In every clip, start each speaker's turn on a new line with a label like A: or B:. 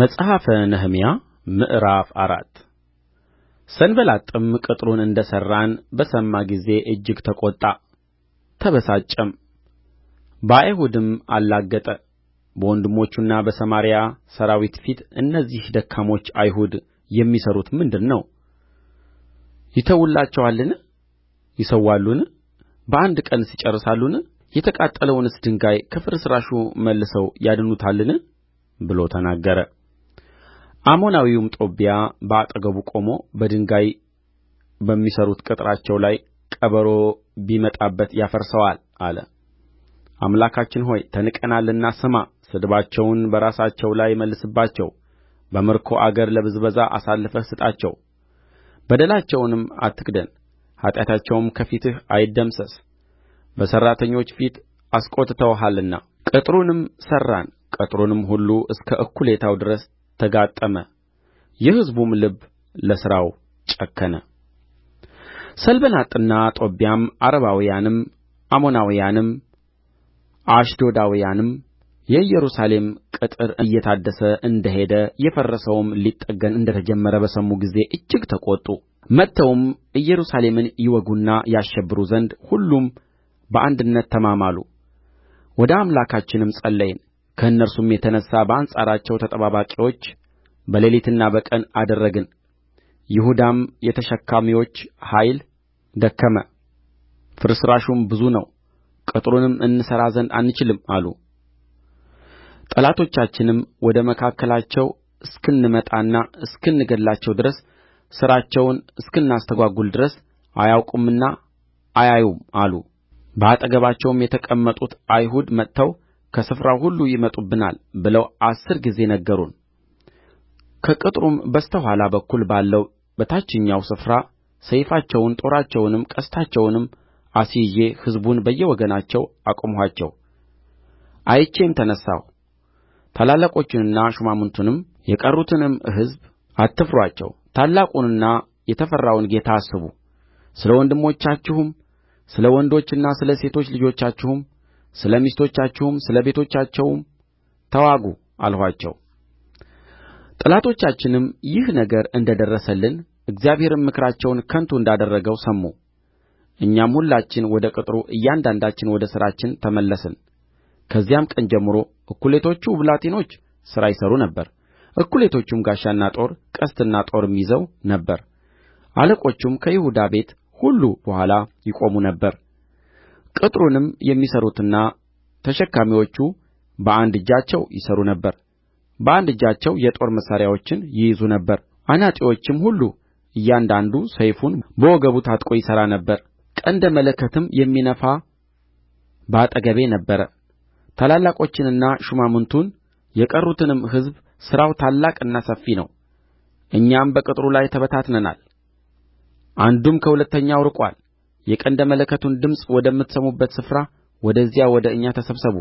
A: መጽሐፈ ነህምያ ምዕራፍ አራት ሰንባላጥም ቅጥሩን እንደ ሠራን በሰማ ጊዜ እጅግ ተቈጣ፣ ተበሳጨም፣ በአይሁድም አላገጠ። በወንድሞቹና በሰማርያ ሠራዊት ፊት እነዚህ ደካሞች አይሁድ የሚሠሩት ምንድር ነው? ይተዉላቸዋልን? ይሠዋሉን? በአንድ ቀንስ ይጨርሳሉን? የተቃጠለውንስ ድንጋይ ከፍርስራሹ መልሰው ያድኑታልን? ብሎ ተናገረ። አሞናዊውም ጦብያ በአጠገቡ ቆሞ በድንጋይ በሚሠሩት ቅጥራቸው ላይ ቀበሮ ቢመጣበት ያፈርሰዋል አለ አምላካችን ሆይ ተንቀናልና ስማ ስድባቸውን በራሳቸው ላይ መልስባቸው በምርኮ አገር ለብዝበዛ አሳልፈህ ስጣቸው በደላቸውንም አትክደን ኃጢአታቸውም ከፊትህ አይደምሰስ በሠራተኞች ፊት አስቈጥተውሃልና ቅጥሩንም ሠራን ቅጥሩንም ሁሉ እስከ እኵሌታው ድረስ ተጋጠመ የሕዝቡም ልብ ለሥራው ጨከነ ሰንባላጥና ጦብያም ዓረባውያንም አሞናውያንም አሽዶዳውያንም የኢየሩሳሌም ቅጥር እየታደሰ እንደ ሄደ የፈረሰውም ሊጠገን እንደ ተጀመረ በሰሙ ጊዜ እጅግ ተቈጡ መጥተውም ኢየሩሳሌምን ይወጉና ያሸብሩ ዘንድ ሁሉም በአንድነት ተማማሉ ወደ አምላካችንም ጸለይን ከእነርሱም የተነሣ በአንጻራቸው ተጠባባቂዎች በሌሊትና በቀን አደረግን ይሁዳም የተሸካሚዎች ኃይል ደከመ ፍርስራሹም ብዙ ነው ቅጥሩንም እንሠራ ዘንድ አንችልም አሉ ጠላቶቻችንም ወደ መካከላቸው እስክንመጣና እስክንገድላቸው ድረስ ሥራቸውን እስክናስተጓጕል ድረስ አያውቁምና አያዩም አሉ በአጠገባቸውም የተቀመጡት አይሁድ መጥተው ከስፍራው ሁሉ ይመጡብናል ብለው አሥር ጊዜ ነገሩን። ከቅጥሩም በስተ ኋላ በኩል ባለው በታችኛው ስፍራ ሰይፋቸውን፣ ጦራቸውንም፣ ቀስታቸውንም አስይዤ ሕዝቡን በየወገናቸው አቆምኋቸው። አይቼም ተነሣሁ፣ ታላላቆቹንና ሹማምንቱንም የቀሩትንም ሕዝብ አትፍሩአቸው፣ ታላቁንና የተፈራውን ጌታ አስቡ። ስለ ወንድሞቻችሁም ስለ ወንዶችና ስለ ሴቶች ልጆቻችሁም ስለ ሚስቶቻችሁም ስለ ቤቶቻቸውም ተዋጉ አልኋቸው ጠላቶቻችንም ይህ ነገር እንደ ደረሰልን እግዚአብሔርም ምክራቸውን ከንቱ እንዳደረገው ሰሙ እኛም ሁላችን ወደ ቅጥሩ እያንዳንዳችን ወደ ሥራችን ተመለስን ከዚያም ቀን ጀምሮ እኵሌቶቹ ብላቴኖች ሥራ ይሠሩ ነበር እኵሌቶቹም ጋሻና ጦር ቀስትና ጦርም ይዘው ነበር አለቆቹም ከይሁዳ ቤት ሁሉ በኋላ ይቆሙ ነበር ቅጥሩንም የሚሠሩትና ተሸካሚዎቹ በአንድ እጃቸው ይሠሩ ነበር በአንድ እጃቸው የጦር መሣሪያዎችን ይይዙ ነበር አናጢዎችም ሁሉ እያንዳንዱ ሰይፉን በወገቡ ታጥቆ ይሠራ ነበር ቀንደ መለከትም የሚነፋ በአጠገቤ ነበረ ታላላቆችንና ሹማምቱን የቀሩትንም ሕዝብ ሥራው ታላቅና ሰፊ ነው እኛም በቅጥሩ ላይ ተበታትነናል አንዱም ከሁለተኛው ርቆአል የቀንደ መለከቱን ድምፅ ወደምትሰሙበት ስፍራ ወደዚያ ወደ እኛ ተሰብሰቡ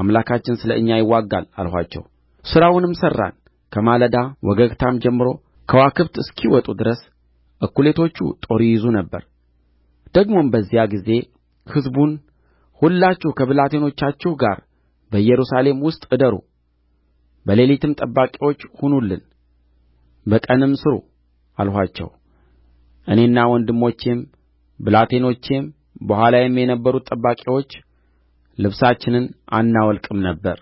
A: አምላካችን ስለ እኛ ይዋጋል አልኋቸው ሥራውንም ሠራን ከማለዳ ወገግታም ጀምሮ ከዋክብት እስኪወጡ ድረስ እኵሌቶቹ ጦር ይይዙ ነበር ደግሞም በዚያ ጊዜ ሕዝቡን ሁላችሁ ከብላቴኖቻችሁ ጋር በኢየሩሳሌም ውስጥ እደሩ በሌሊትም ጠባቂዎች ሁኑልን በቀንም ሥሩ አልኋቸው እኔና ወንድሞቼም ብላቴኖቼም በኋላዬም የነበሩት ጠባቂዎች ልብሳችንን አናወልቅም ነበር